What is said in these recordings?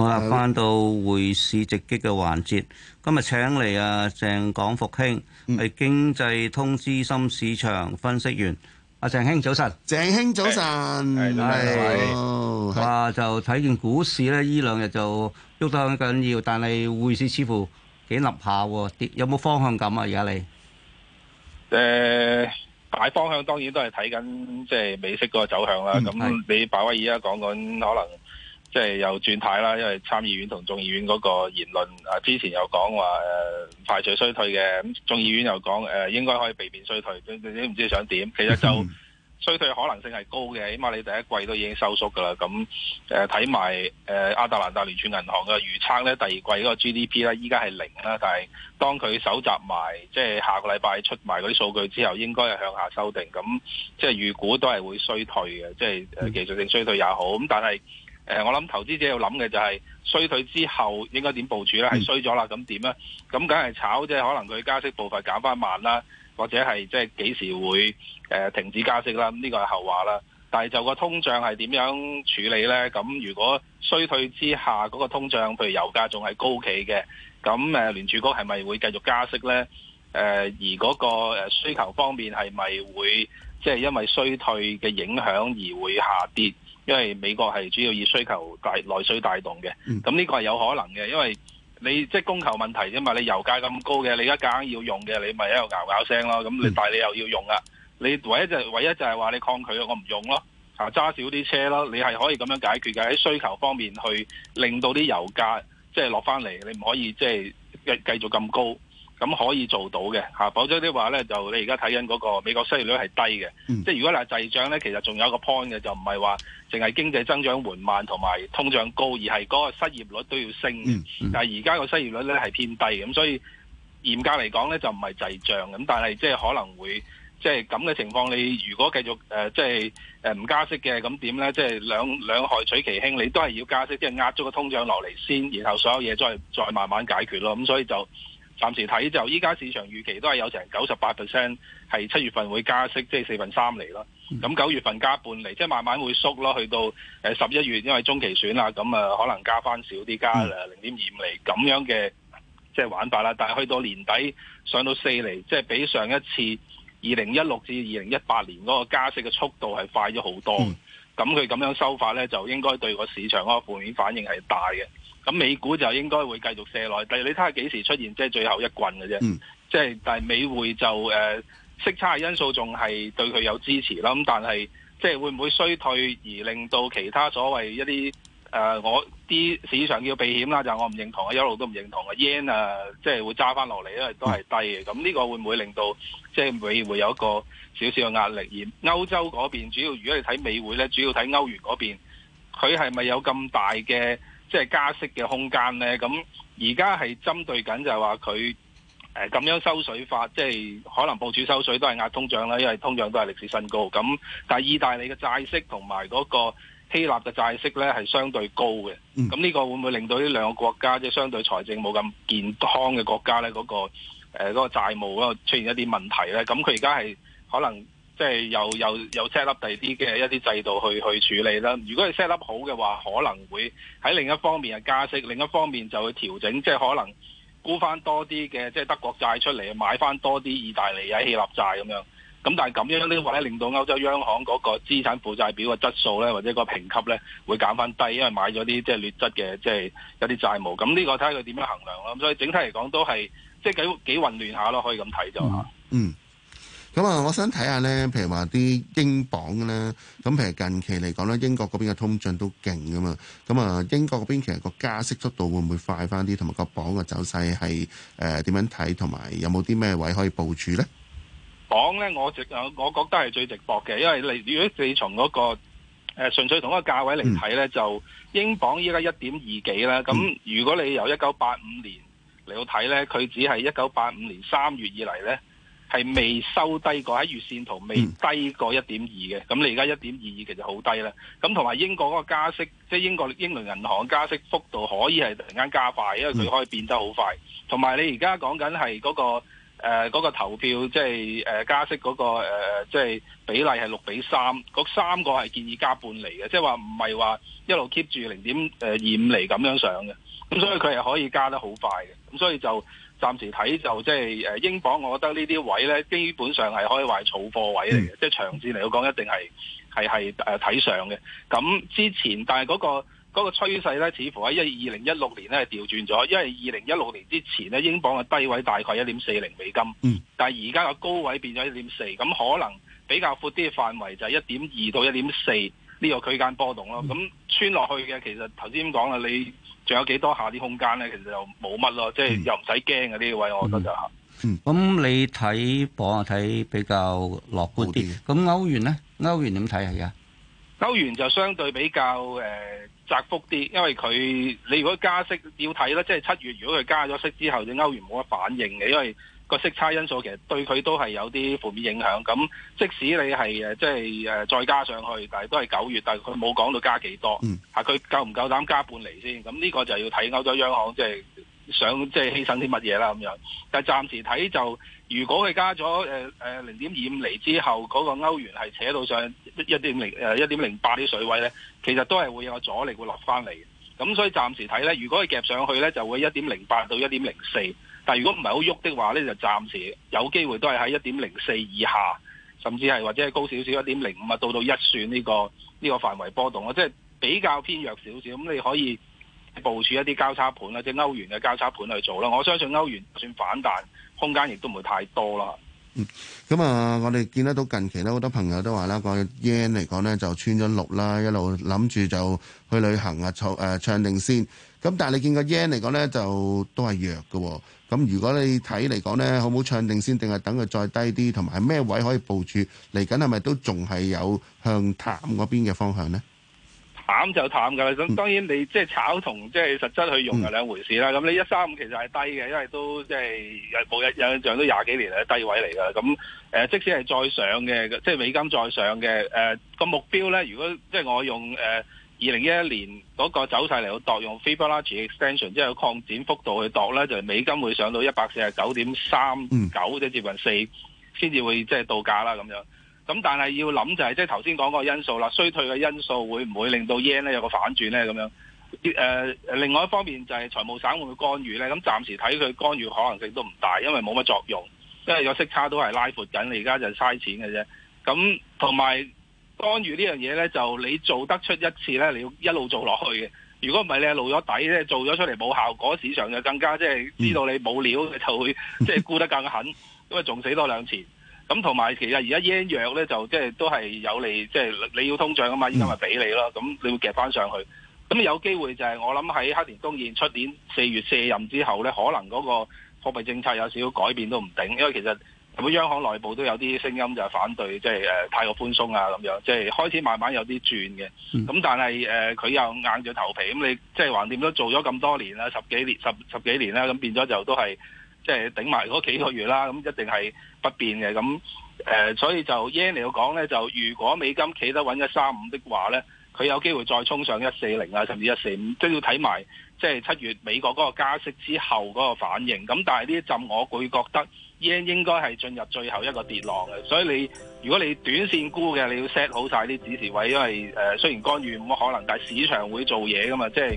好啦，翻到匯市直擊嘅環節，今日請嚟啊鄭廣復兄，係經濟通資深市場分析員。阿鄭兄早晨，鄭兄早晨，係，哇！就睇見股市咧，呢兩日就喐得緊要，但係匯市似乎幾立下，跌有冇方向感啊？而家你？誒，大方向當然都係睇緊即係美息嗰個走向啦。咁，你鮑威爾而家講緊可能。即係又轉態啦，因為參議院同眾議院嗰個言論，啊之前又講話誒排除衰退嘅，咁眾議院又講誒、呃、應該可以避免衰退，不你總唔知想點。其實就衰退可能性係高嘅，起碼你第一季都已經收縮噶啦。咁誒睇埋誒亞特蘭大聯儲銀行嘅預測咧，第二季嗰個 GDP 咧，依家係零啦，但係當佢搜集埋即係下個禮拜出埋嗰啲數據之後，應該係向下修訂。咁即係預估都係會衰退嘅，即係技術性衰退也好。咁但係。誒，我諗投資者要諗嘅就係衰退之後應該點部署呢，咧？係衰咗啦，咁點咧？咁梗係炒啫，可能佢加息步伐減翻慢啦，或者係即係幾時會、呃、停止加息啦？咁、這、呢個係後話啦。但係就個通脹係點樣處理咧？咁如果衰退之下嗰、那個通脹，譬如油價仲係高企嘅，咁誒聯儲局係咪會繼續加息咧？誒、呃，而嗰個需求方面係咪會即係、就是、因為衰退嘅影響而會下跌？因為美國係主要以需求帶內需帶動嘅，咁呢個係有可能嘅，因為你即係、就是、供求問題啫嘛，你油價咁高嘅，你而家夾硬要用嘅，你咪喺度拗拗聲咯。咁你但係你又要用啊，你唯一就係、是、唯一就係話你抗拒我唔用咯，啊揸少啲車咯，你係可以咁樣解決嘅，喺需求方面去令到啲油價即係落返嚟，你唔可以即係繼繼續咁高。咁可以做到嘅嚇、啊。否則啲話咧，就你而家睇緊嗰個美國失業率係低嘅，嗯、即係如果係滯脹咧，其實仲有一個 point 嘅，就唔係話淨係經濟增長緩慢同埋通脹高，而係嗰個失業率都要升。嗯嗯、但係而家個失業率咧係偏低，咁所以嚴格嚟講咧就唔係滯脹咁，但係即係可能會即係咁嘅情況。你如果繼續、呃、即係誒唔加息嘅咁點咧？即係兩兩害取其輕，你都係要加息，即、就、係、是、壓咗個通脹落嚟先，然後所有嘢再再慢慢解決咯。咁所以就。暫時睇就，依家市場預期都係有成九十八 percent 係七月份會加息，即係四分三厘咯。咁九月份加半厘，即係慢慢會縮咯。去到誒十一月，因為中期選啊，咁啊可能加翻少啲，加零點二五釐咁樣嘅即係玩法啦。但係去到年底上到四厘，即係比上一次二零一六至二零一八年嗰個加息嘅速度係快咗好多。咁佢咁樣收法咧，就應該對個市場嗰個負面反應係大嘅。咁美股就應該會繼續瀉落，但係你睇下幾時出現，即、就、係、是、最後一棍嘅啫。即係、嗯就是、但係美匯就誒、呃、息差嘅因素仲係對佢有支持啦。咁、嗯、但係即係會唔會衰退而令到其他所謂一啲誒、呃、我啲市場叫避險啦？就是、我唔認同，一路都唔認同嘅、嗯、yen 啊，即、就、係、是、會揸翻落嚟，因為都係低嘅。咁呢個會唔會令到即係、就是、美匯有一個少少嘅壓力？而歐洲嗰邊主要，如果你睇美匯咧，主要睇歐元嗰邊，佢係咪有咁大嘅？即係加息嘅空間呢，咁而家係針對緊就係話佢咁樣收水法，即係可能部署收水都係壓通脹啦，因為通脹都係歷史新高。咁但係意大利嘅債息同埋嗰個希臘嘅債息呢係相對高嘅。咁呢個會唔會令到呢兩個國家即係相對財政冇咁健康嘅國家呢？嗰個誒嗰個債務嗰個出現一啲問題呢？咁佢而家係可能。即係又又又 set up 第啲嘅一啲制度去去處理啦。如果係 set up 好嘅話，可能會喺另一方面係加息，另一方面就會調整，即係可能沽翻多啲嘅即係德國債出嚟，買翻多啲意大利嘅希臘債咁樣。咁但係咁樣話呢，或者令到歐洲央行嗰個資產負債表嘅質素咧，或者個評級咧，會減翻低，因為買咗啲即係劣質嘅即係有啲債務。咁呢個睇佢點樣衡量啦。咁所以整體嚟講都係即係幾，幾混亂下咯，可以咁睇就吓。嗯。咁啊，我想睇下呢，譬如話啲英鎊呢。咁譬如近期嚟講呢，英國嗰邊嘅通脹都勁噶嘛，咁啊，英國嗰邊，邊其實個加息速度會唔會快翻啲，同埋個鎊嘅走勢係誒點樣睇，同埋有冇啲咩位可以部署呢？鎊呢，我直我覺得係最值博嘅。因為你如果你從嗰、嗰個、呃、純粹同一個價位嚟睇呢，嗯、就英鎊依家一點二幾啦，咁、嗯、如果你由一九八五年嚟到睇呢，佢只係一九八五年三月以嚟呢。係未收低過喺月線圖未低過一點二嘅，咁、嗯、你而家一點二二其實好低啦。咁同埋英國嗰個加息，即、就、係、是、英國英倫銀行加息幅度可以係突然間加快，因為佢可以變得好快。同埋、嗯、你而家講緊係嗰個誒、呃嗰個、投票，即係誒加息嗰、嗰個即係、呃即係、比例係六比三，嗰三個係建議加半厘嘅，即係話唔係話一路 keep 住零點誒二五厘咁樣上嘅，咁所以佢係可以加得好快嘅，咁所以就。暫時睇就即、是、係英鎊，我覺得呢啲位咧，基本上係可以話係儲貨位嚟嘅，嗯、即係長線嚟講一定係係係睇上嘅。咁之前，但係嗰、那個嗰、那個趨勢咧，似乎喺一二零一六年咧調轉咗，因為二零一六年之前咧，英鎊嘅低位大概一點四零美金，嗯、但係而家個高位變咗一點四，咁可能比較闊啲嘅範圍就係一點二到一點四呢個區間波動咯。咁、嗯、穿落去嘅，其實頭先點講啦，你。仲有幾多下啲空間咧？其實就冇乜咯，即係又唔使驚嗰啲位，嗯、我覺得就係。咁、嗯、你睇榜啊，睇比較樂觀啲。咁歐元咧，歐元點睇啊？而家歐元就相對比較誒、呃、窄幅啲，因為佢你如果加息要睇啦，即係七月如果佢加咗息之後，啲歐元冇乜反應嘅，因為。個息差因素其實對佢都係有啲負面影響，咁即使你係即係、呃、再加上去，但係都係九月，但係佢冇講到加幾多，佢夠唔夠膽加半厘先？咁呢個就要睇歐洲央行即係想即係、即係、犧牲啲乜嘢啦咁樣。但係暫時睇就，如果佢加咗誒誒零點二五厘之後，嗰個歐元係扯到上一點零、一點零八啲水位咧，其實都係會有阻力會落翻嚟嘅。咁所以暫時睇咧，如果佢夾上去咧，就會一點零八到一點零四。但如果唔係好喐的話咧，就暫時有機會都係喺一點零四以下，甚至係或者係高少少一點零五啊，05，到到一算呢、這個呢、這個範圍波動啊，即、就、係、是、比較偏弱少少。咁你可以部署一啲交叉盤啦，即、就、係、是、歐元嘅交叉盤去做啦。我相信歐元就算反彈，空間亦都唔會太多啦。咁啊、嗯嗯嗯，我哋見得到近期呢，好多朋友都話啦，講、那個、yen 嚟講呢，就穿咗六啦，一路諗住就去旅行啊，唱、呃、誒唱定先。咁、嗯、但係你見個 yen 嚟講呢，就都係弱嘅喎、哦。咁如果你睇嚟講咧，好唔好唱定先？定係等佢再低啲，同埋咩位可以部署？嚟緊係咪都仲係有向淡嗰邊嘅方向咧？淡就淡噶啦。咁、嗯、當然你即係炒同即係實質去用係兩回事啦。咁、嗯、你一三五其實係低嘅，因為都即係冇有印象都廿幾年係低位嚟噶。咁、呃、即使係再上嘅，即係美金再上嘅，誒、呃、個目標咧，如果即係我用、呃二零一一年嗰個走勢嚟到度用 fibonacci extension，即係擴展幅度去度咧，就係、是、美金會上到一百四十九點三九即接近四，先至會即係到價啦咁樣。咁但係要諗就係即係頭先講個因素啦，衰退嘅因素會唔會令到 yen 咧有個反轉咧咁樣、呃？另外一方面就係財務省會唔會干預咧？咁暫時睇佢干預可能性都唔大，因為冇乜作用，因為有息差都係拉闊緊，你而家就嘥錢嘅啫。咁同埋。干預呢樣嘢呢，就你做得出一次呢，你要一路做落去嘅。如果唔係，你係露咗底呢，做咗出嚟冇效果，那個、市場就更加即係知道你冇料，就會即係沽得更狠，咁啊，仲死多兩次。咁同埋其實而家日圓呢，就即係都係有利，即、就、係、是、你要通脹啊嘛，依家咪俾你咯。咁你會夾翻上去。咁有機會就係我諗喺黑田東彥出年四月卸任之後呢，可能嗰個貨幣政策有少少改變都唔定，因為其實。咁央行內部都有啲聲音就係反對，即係誒太過寬鬆啊咁樣，即係開始慢慢有啲轉嘅。咁、嗯、但係誒佢又硬住頭皮，咁、嗯、你即係橫掂都做咗咁多年啦，十幾年十十幾年啦，咁變咗就都係即係頂埋嗰幾個月啦，咁、嗯、一定係不變嘅。咁誒、呃，所以就耶嚟講咧，就如果美金企得穩一三五的話咧。佢有機會再衝上一四零啊，甚至一四五，都要睇埋即係七月美國嗰個加息之後嗰個反應。咁但係呢一陣，我會覺得 yen 應該係進入最後一個跌浪嘅。所以你如果你短線沽嘅，你要 set 好晒啲止蝕位，因為誒、呃、雖然干預冇乜可能，但係市場會做嘢噶嘛，即係誒、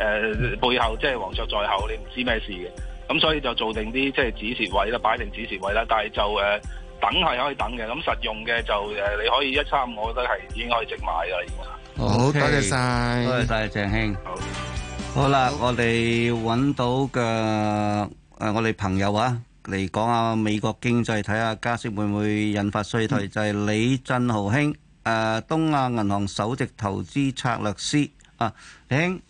呃、背後即係黃雀在後，你唔知咩事嘅。咁所以就做定啲即係止蝕位啦，擺定止蝕位啦。但係就誒、呃、等係可以等嘅。咁實用嘅就誒、呃、你可以一三五，我覺得係已經可以直買啦。好多謝晒，多謝晒鄭兄。好，好啦，我哋揾到嘅，誒，我哋朋友啊嚟講下美國經濟，睇下加息會唔會引發衰退。就係李振豪兄，誒，東亞銀行首席投資策略師啊，李兄，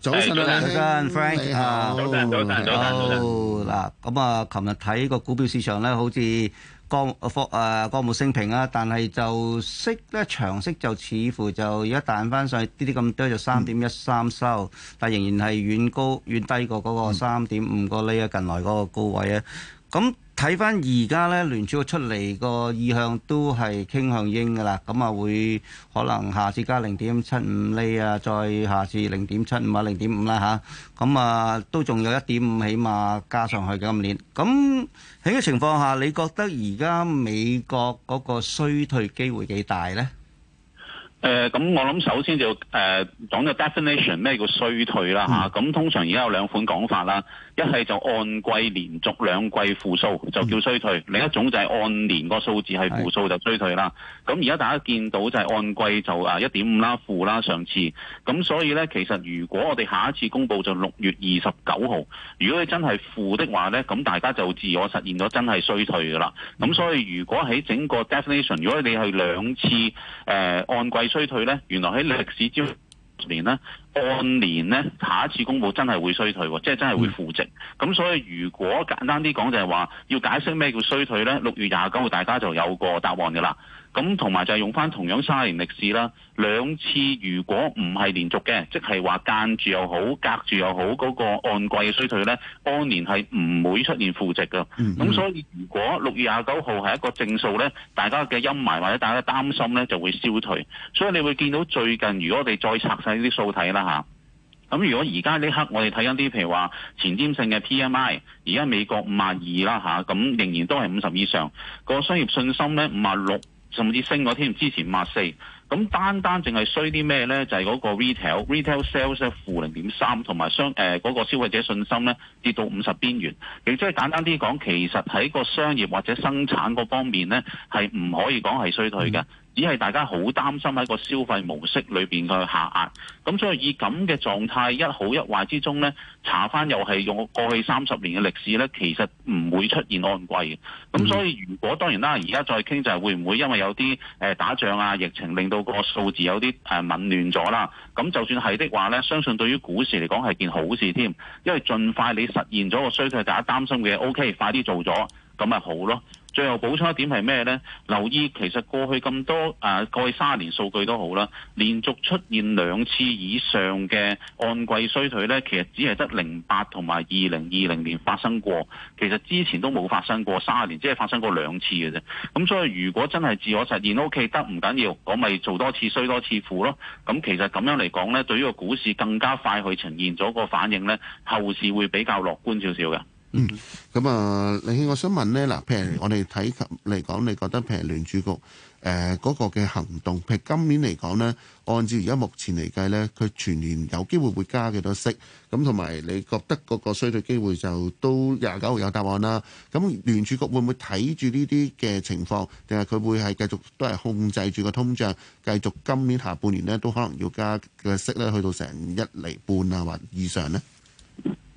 早晨啊，早晨，Frank 啊，早晨早晨早晨早晨。嗱，咁啊，琴日睇個股票市場咧，好似～個貨誒個無升平啊，但係就息咧，長息就似乎就而家彈翻上去啲啲咁多，就三點一三收，嗯、但仍然係遠高遠低過嗰個三點五個厘啊，近來嗰個高位啊，咁。睇翻而家咧聯儲局出嚟個意向都係傾向英嘅啦，咁啊會可能下次加零點七五厘啊，再下次零點七五啊，零點五啦嚇，咁啊都仲有一點五起碼加上去嘅今年。咁喺個情況下，你覺得而家美國嗰個衰退機會幾大咧？誒，咁我諗首先就誒講個 definition 咩叫衰退啦嚇，咁通常而家有兩款講法啦。一係就按季連續兩季負數就叫衰退，另一種就係按年個數字係負數就衰退啦。咁而家大家見到就係按季就誒一點五啦，負啦上次。咁所以呢，其實如果我哋下一次公佈就六月二十九號，如果你真係負的話呢，咁大家就自我實現咗真係衰退㗎啦。咁所以如果喺整個 definition，如果你係兩次誒、呃、按季衰退呢，原來喺歷史之中呢。按年呢，下一次公布真係會衰退喎，即係真係會負值。咁、嗯、所以如果簡單啲講，就係話要解釋咩叫衰退呢？六月廿九號大家就有個答案嘅啦。咁同埋就係用翻同樣三年歷史啦，兩次如果唔係連續嘅，即係話間住又好，隔住又好，嗰個按季嘅衰退呢，按年係唔會出現負值嘅。咁、嗯嗯、所以如果六月廿九號係一個正數呢，大家嘅陰霾或者大家擔心呢就會消退。所以你會見到最近，如果我哋再拆晒呢啲數睇啦。咁、啊、如果而家呢刻我哋睇緊啲，譬如話前瞻性嘅 PMI，而家美國五十二啦，咁仍然都係五十以上。嗰個商業信心咧五十六，56，甚至升咗添，之前五十四。咁單單淨係衰啲咩咧？就係、係、嗰個 retail,retail ret sales 係負零點三，同埋商誒嗰個消費者信心咧跌到五十邊緣。亦即係簡單啲講，其實喺個商業或者生產嗰方面咧，係唔可以講係衰退嘅。嗯只係大家好擔心喺個消費模式裏面嘅下壓，咁所以以咁嘅狀態一好一壞之中呢，查翻又係用過去三十年嘅歷史呢，其實唔會出現按季嘅。咁所以如果當然啦，而家再傾就係會唔會因為有啲、呃、打仗啊、疫情令到個數字有啲誒紊亂咗啦？咁就算係的話呢，相信對於股市嚟講係件好事添，因為儘快你實現咗個衰退大家擔心嘅，O K，快啲做咗，咁咪好咯。最後補充一點係咩呢？留意其實過去咁多啊，過去三十年數據都好啦，連續出現兩次以上嘅按季衰退呢，其實只係得零八同埋二零二零年發生過，其實之前都冇發生過三十年，只係發生過兩次嘅啫。咁所以如果真係自我實現，OK 得唔緊要，我咪做多次衰多次負咯。咁其實咁樣嚟講呢，對於個股市更加快去呈現咗個反應呢，後市會比較樂觀少少嘅。嗯，咁啊，李兄，我想問咧，嗱，譬如我哋睇嚟講，你覺得譬如聯儲局誒嗰、呃那個嘅行動，譬如今年嚟講咧，按照而家目前嚟計咧，佢全年有機會會加幾多息？咁同埋，你覺得嗰個衰退機會就都廿九號有答案啦。咁聯儲局會唔會睇住呢啲嘅情況，定係佢會係繼續都係控制住個通脹，繼續今年下半年咧都可能要加嘅息咧，去到成一厘半啊或以上呢？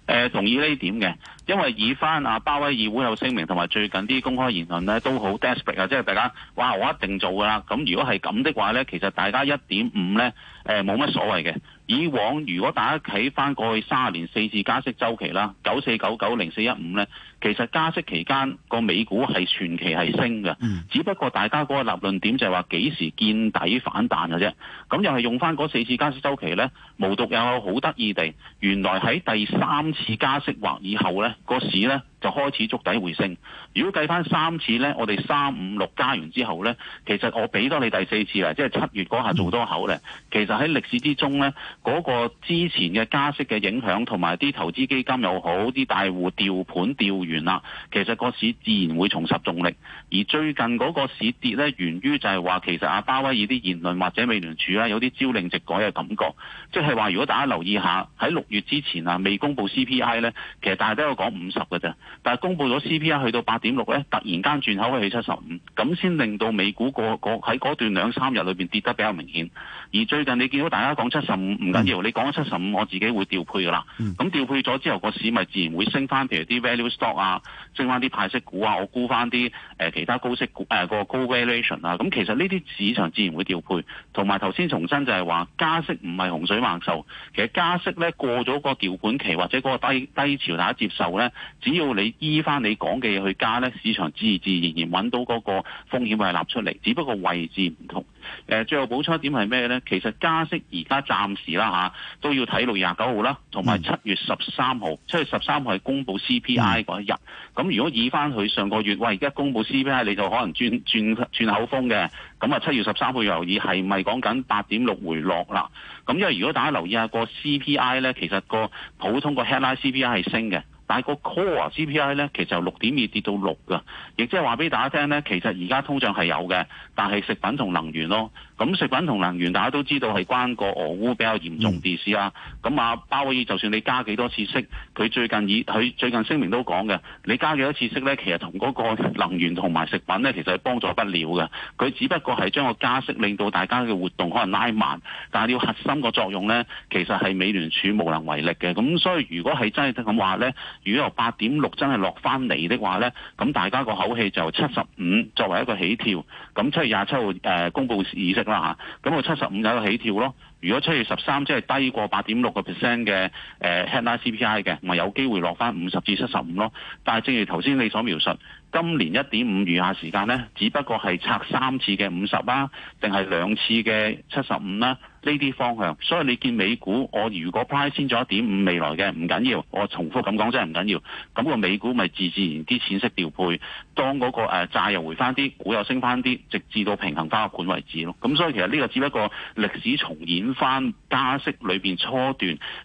誒、呃，同意呢點嘅。因為以翻鮑威爾會後聲明，同埋最近啲公開言論呢都好 desperate 啊！即係大家，哇！我一定做㗎啦。咁如果係咁的話呢，其實大家一點五呢，冇乜所謂嘅。以往如果大家睇翻過去三十年四次加息週期啦，九四九九零四一五呢，其實加息期間個美股係全期係升嘅。只不過大家嗰個立論點就係話幾時見底反彈嘅啫。咁又係用翻嗰四次加息週期呢，無獨有好得意地，原來喺第三次加息或以後呢。個市咧，就開始築底回升。如果計翻三次呢，我哋三五六加完之後呢，其實我俾多你第四次啦，即係七月嗰下做多口呢。其實喺歷史之中呢，嗰個之前嘅加息嘅影響同埋啲投資基金又好，啲大戶調盤調完啦，其實個市自然會重拾重力。而最近嗰個市跌呢，源於就係話其實阿巴威爾啲言論或者美聯儲呢，有啲朝令夕改嘅感覺，即係話如果大家留意下喺六月之前啊未公布 CPI 呢，其實大家都講五十嘅啫。但係公布咗 CPI 去到八點六咧，突然間轉口去七十五，咁先令到美股個喺嗰段兩三日裏面跌得比較明顯。而最近你見到大家講七十五唔緊要，你講七十五我自己會調配㗎喇。咁、嗯、調配咗之後，個市咪自然會升返，譬如啲 value stock 啊。升翻啲派息股啊！我估翻啲誒其他高息股誒、啊嗰個高 valuation 啊！咁其實呢啲市場自然會調配，同埋頭先重申就係話加息唔係洪水猛獸。其實加息咧過咗個調管期或者嗰個低低潮大家接受咧，只要你依翻你講嘅嘢去加咧，市場自自然然揾到嗰個風險位立出嚟，只不過位置唔同。誒最後補充一點係咩呢？其實加息而家暫時啦、啊、都要睇六月廿九號啦，同埋七月十三號。七月十三號係公布 CPI 嗰一日。咁如果以翻佢上個月，喂而家公布 CPI，你就可能轉轉轉口風嘅。咁啊，七月十三號又以係咪講緊八點六回落啦？咁因為如果大家留意下個 CPI 呢，其實個普通個 headline CPI 係升嘅，但係個 core CPI 呢，其實六點二跌到六噶。亦即係話俾大家聽呢，其實而家通脹係有嘅。但係食品同能源咯，咁食品同能源大家都知道係關個俄烏比較嚴重啲事啊。咁阿、嗯、鮑爾就算你加幾多次息，佢最近已佢最近聲明都講嘅，你加幾多次息呢？其實同嗰個能源同埋食品呢，其實係幫助不了嘅。佢只不過係將個加息令到大家嘅活動可能拉慢，但係要核心個作用呢，其實係美聯儲無能為力嘅。咁所以如果係真係咁話呢，如果由八點六真係落返嚟的話呢，咁大家個口氣就七十五作為一個起跳，咁七。廿七號誒公布議息啦吓，咁個七十五有個起跳咯。如果七月十三即係低過八點六個 percent 嘅，誒 headline CPI 嘅，咪有機會落翻五十至七十五咯。但係正如頭先你所描述。今年一點五餘下時間呢，只不過係拆三次嘅五十啦，定係兩次嘅七十五啦，呢啲方向。所以你見美股，我如果 price 先咗一點五未來嘅唔緊要，我重複咁講真係唔緊要。咁、嗰個美股咪自自然啲錢息調配，當嗰、嗰個債、啊、債又回翻啲，股又升翻啲，直至到平衡翻個盤為止咯。咁所以其實呢個只不過歷史重演翻加息裏面初段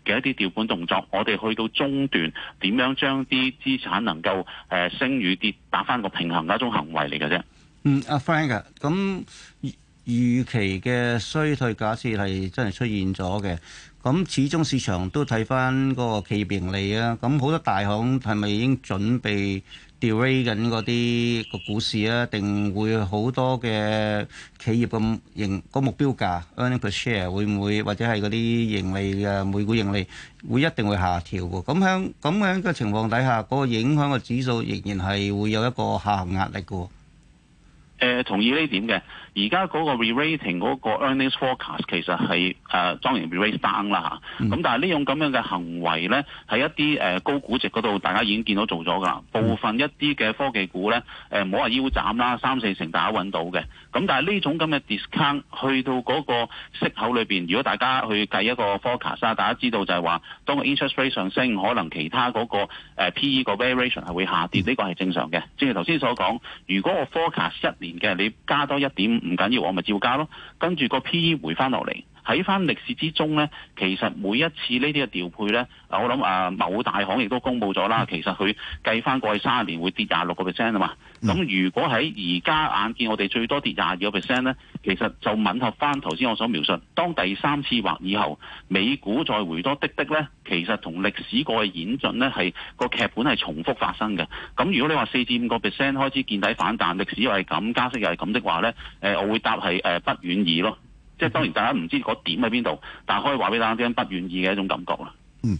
嘅一啲調盤動作。我哋去到中段點樣將啲資產能夠、啊、升與跌？打翻個平衡嘅一種行為嚟嘅啫。嗯，阿 Frank 嘅咁預期嘅衰退假設係真係出現咗嘅。咁始終市場都睇翻嗰個企業盈利啊。咁好多大行係咪已經準備 delay 緊嗰啲個股市啊，定會好多嘅企業咁盈個目標價 earnings per share，會唔會或者係嗰啲盈利嘅每股盈利會一定會下調嘅？咁樣咁樣嘅情況底下，嗰個影響個指數仍然係會有一個下行壓力嘅。誒，同意呢點嘅。而家嗰個 re-rating 嗰個 earnings forecast 其實係誒當然 re-rated down 啦吓，咁但係呢種咁樣嘅行為咧，係一啲、呃、高估值嗰度，大家已經見到做咗噶，部分一啲嘅科技股咧冇話腰斬啦，三四成大家揾到嘅，咁但係呢種咁嘅 discount 去到嗰個息口裏面，如果大家去計一個 forecast，啊、大家知道就係話當個 interest rate 上升，可能其他嗰個 PE 個 variation 係會下跌，呢、嗯、個係正常嘅，正如頭先所講，如果個 forecast 一年嘅，你加多一點。唔緊要，我咪照加咯，跟住個 PE 回翻落嚟。睇翻歷史之中呢，其實每一次呢啲嘅調配呢，我諗啊，某大行亦都公布咗啦。其實佢計翻過去三十年會跌廿六個 percent 啊嘛。咁、嗯、如果喺而家眼見我哋最多跌廿二個 percent 呢，其實就吻合翻頭先我所描述。當第三次或以後美股再回多滴滴呢，其實同歷史過去演進呢係個劇本係重複發生嘅。咁如果你話四至五個 percent 開始見底反彈，歷史又係咁加息又係咁的話呢，誒，我會答係誒不遠矣咯。即係當然，大家唔知嗰點喺邊度，但係可以話俾大家聽，不願意嘅一種感覺啦。嗯，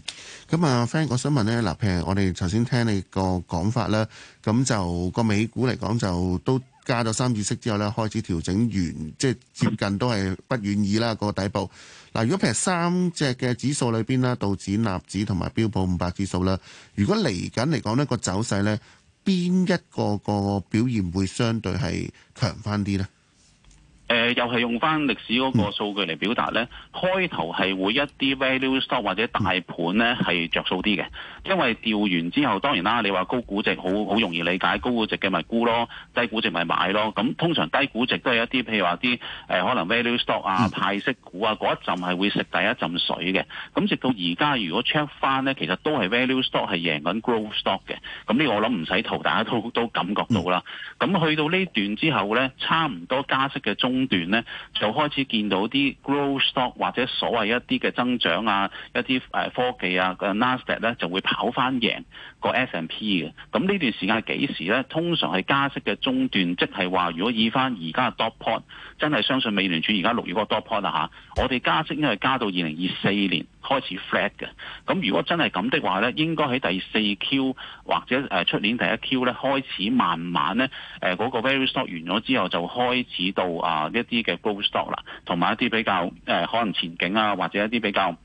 咁啊，Frank，我想問咧，嗱，譬如我哋頭先聽你個講法啦，咁就個美股嚟講，就都加咗三月息之後咧，開始調整完，即係接近都係不願意啦，個底部。嗱，如果譬如三隻嘅指數裏邊啦，道指、納指同埋標普五百指數啦，如果嚟緊嚟講呢個走勢咧，邊一個個表現會相對係強翻啲咧？誒、呃、又係用翻歷史嗰個數據嚟表達呢、嗯、開頭係會一啲 value stock 或者大盤呢係著數啲嘅，因為調完之後當然啦，你話高估值好好容易理解，高估值嘅咪沽咯，低估值咪買咯。咁通常低估值都係一啲譬如話啲、呃、可能 value stock 啊、嗯、派息股啊嗰一浸係會食第一浸水嘅。咁直到而家如果 check 翻呢，其實都係 value stock 係贏緊 growth stock 嘅。咁呢個我諗唔使圖，大家都都感覺到啦。咁去到呢段之後呢，差唔多加息嘅中段咧就開始見到啲 growth stock 或者所謂一啲嘅增長啊，一啲誒科技啊嘅 Nasdaq 咧就會跑翻贏。 個 S&P 嘅，咁呢段時間係幾時呢？通常係加息嘅中段，即係話如果以翻而家嘅 dot point 真係相信美聯儲而家六月個 dot point 我哋加息應該係加到二零二四年開始 flat 嘅。咁如果真係咁的話呢，應該喺第四 Q 或者誒出、呃、年第一 Q 呢開始慢慢呢。誒、呃、嗰、那個 very stock 完咗之後，就開始到啊、呃、一啲嘅 growth stock 啦，同埋一啲比較誒、呃、可能前景啊，或者一啲比較。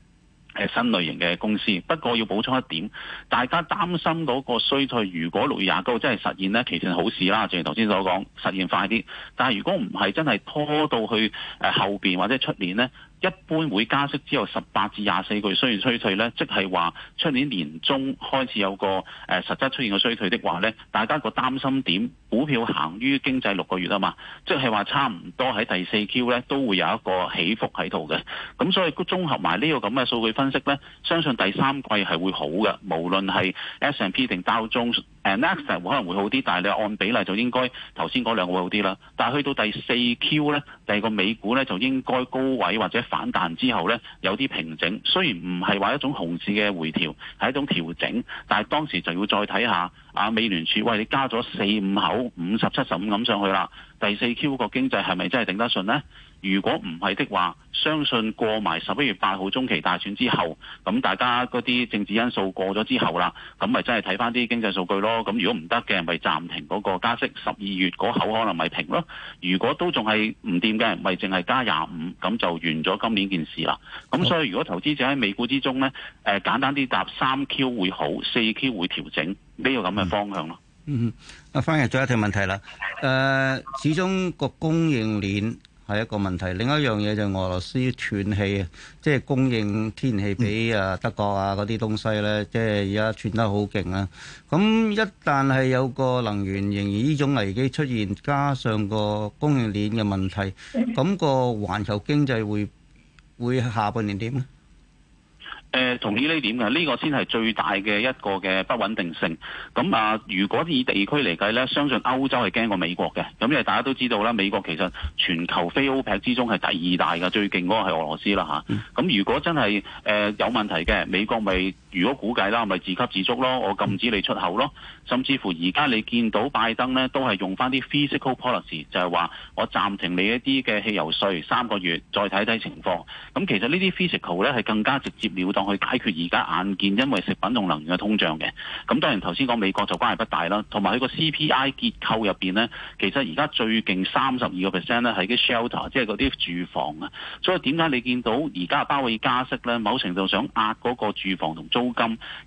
係新類型嘅公司，不過要補充一點，大家擔心嗰個衰退，如果六月廿九真係實現呢，其實好事啦，正如頭先所講，實現快啲。但係如果唔係，真係拖到去誒後邊或者出年呢。一般會加息之後十八至廿四個月出現衰退呢，即係話出年年中開始有個誒實質出現個衰退的話呢，大家個擔心點股票行於經濟六個月啊嘛，即係話差唔多喺第四 Q 呢都會有一個起伏喺度嘅。咁所以綜合埋呢個咁嘅數據分析呢，相信第三季係會好嘅，無論係 S&P 定 Dow Jones，納斯達克、嗯、可能會好啲，但係你按比例就應該頭先嗰兩個會好啲啦。但係去到第四 Q 呢，第二個美股呢，就應該高位或者。反彈之後呢，有啲平整，雖然唔係話一種熊市嘅回調，係一種調整，但係當時就要再睇下啊，美聯儲喂，你加咗四五口五十七十五咁上去啦，第四 Q 個經濟係咪真係頂得順呢？如果唔係的話，相信過埋十一月八號中期大選之後，咁大家嗰啲政治因素過咗之後啦，咁咪真係睇翻啲經濟數據咯。咁如果唔得嘅，咪暫停嗰個加息。十二月嗰口可能咪平咯。如果都仲係唔掂嘅，咪淨係加廿五，咁就完咗今年件事啦。咁所以如果投資者喺美股之中呢，誒、呃，簡單啲答三 Q 會好，四 Q 會調整呢個咁嘅方向咯、嗯。嗯，阿翻譯最後一條問題啦。誒、呃，始終個供應鏈。係一個問題，另一樣嘢就係俄羅斯斷氣，即係供應天然氣俾啊德國啊嗰啲東西咧，嗯、即係而家斷得好勁啊！咁一旦係有個能源仍然呢種危機出現，加上個供應鏈嘅問題，咁、個環球經濟會，會下半年點呢？誒同意呢點嘅，呢、這個先係最大嘅一個嘅不穩定性。咁啊，如果以地區嚟計呢，相信歐洲係驚過美國嘅。咁因為大家都知道啦，美國其實全球非 OPEC 之中係第二大嘅，最勁嗰個係俄羅斯啦咁、啊、如果真係誒、呃、有問題嘅，美國咪如果估計啦，咪自給自足咯，我禁止你出口咯。甚至乎而家你見到拜登呢，都係用翻啲 fiscal policy，就係話我暫停你一啲嘅汽油稅三個月，再睇睇情況。咁其實呢啲 fiscal 呢，係更加直接了當。去解決而家眼見因為食品同能源嘅通脹嘅，咁當然頭先講美國就關係不大啦，同埋喺個 CPI 結構入面呢，其實而家最勁三十二個 percent 咧係啲 shelter，即係嗰啲住房啊，所以點解你見到而家鮑威加息呢？某程度想壓嗰個住房同租金，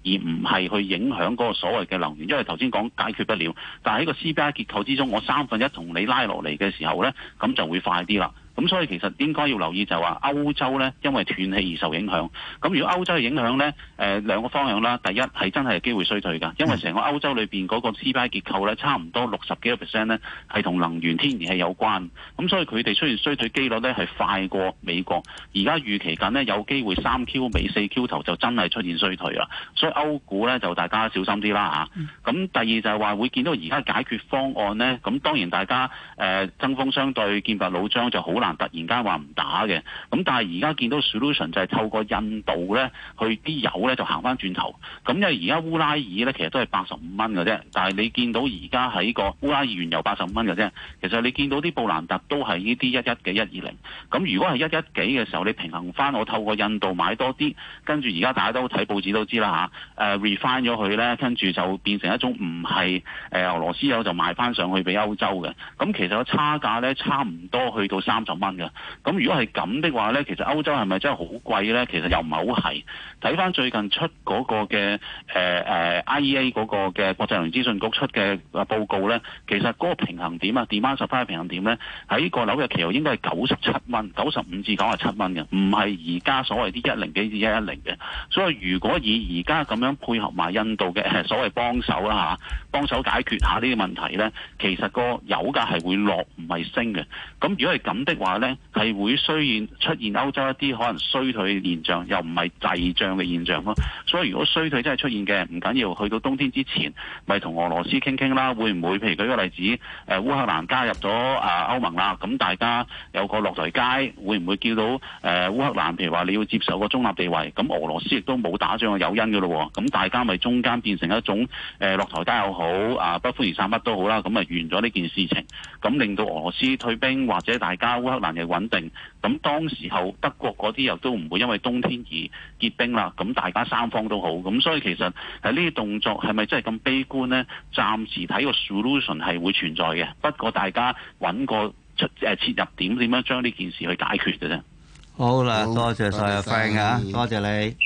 而唔係去影響嗰個所謂嘅能源，因為頭先講解決不了，但係喺個 CPI 結構之中，我三分一同你拉落嚟嘅時候呢，咁就會快啲啦。咁所以其實應該要留意就係話歐洲呢，因為斷氣而受影響。咁如果歐洲嘅影響呢，誒、呃、兩個方向啦。第一係真係機會衰退㗎，因為成個歐洲裏面嗰個 CPI 結構呢，差唔多六十幾個 percent 呢，係同能源天然氣有關。咁所以佢哋出現衰退機率呢，係快過美國。而家預期緊呢，有機會三 Q 尾四 Q 頭就真係出現衰退啦。所以歐股呢，就大家小心啲啦吓。咁第二就係話會見到而家解決方案呢。咁當然大家誒、呃、針鋒相對劍拔弩張就好難。突然間話唔打嘅，咁但係而家見到 solution 就係透過印度呢，去啲油呢就行翻轉頭。咁因為而家烏拉爾呢，其實都係八十五蚊嘅啫，但係你見到而家喺個烏拉爾原油八十五蚊嘅啫。其實你見到啲布蘭特都係呢啲一一嘅一二零。咁如果係一一幾嘅時候，你平衡翻我透過印度買多啲，跟住而家大家都睇報紙都知啦嚇。refine 咗佢呢，跟住就變成一種唔係、呃、俄羅斯油就賣翻上去俾歐洲嘅。咁其實個差價呢，差唔多去到三十。十蚊嘅，咁如果係咁的話呢，其實歐洲係咪真係好貴呢？其實又唔係好係。睇翻最近出嗰個嘅、呃、IEA 嗰個嘅國際能源資訊局出嘅報告呢，其實嗰個平衡點啊，demand supply 平衡點呢，喺個樓嘅期又應該係九十七蚊、九十五至九十七蚊嘅，唔係而家所謂啲一零幾至一一零嘅。所以如果以而家咁樣配合埋印度嘅所謂幫手啦嚇，幫手解決下呢啲問題呢，其實個油價係會落唔係升嘅。咁如果係咁的，話呢係會雖然出現歐洲一啲可能衰退嘅現象，又唔係滯脹嘅現象咯。所以如果衰退真係出現嘅，唔緊要去到冬天之前，咪同俄羅斯傾傾啦。會唔會譬如舉個例子，誒、呃、烏克蘭加入咗啊歐盟啦，咁大家有個落台階，會唔會叫到誒、呃、烏克蘭？譬如話你要接受個中立地位，咁俄羅斯亦都冇打仗嘅誘因嘅咯。咁、啊、大家咪中間變成一種誒、呃、落台階又好，啊不歡而散乜都好啦。咁咪完咗呢件事情，咁、啊、令到俄羅斯退兵或者大家。北蘭嘅穩定，咁當時候德國嗰啲又都唔會因為冬天而結冰啦，咁大家三方都好，咁所以其實喺呢啲動作係咪真係咁悲觀呢？暫時睇個 solution 係會存在嘅，不過大家揾個出切入點點樣將呢件事去解決嘅啫。好啦，多謝曬啊 f r 多謝你。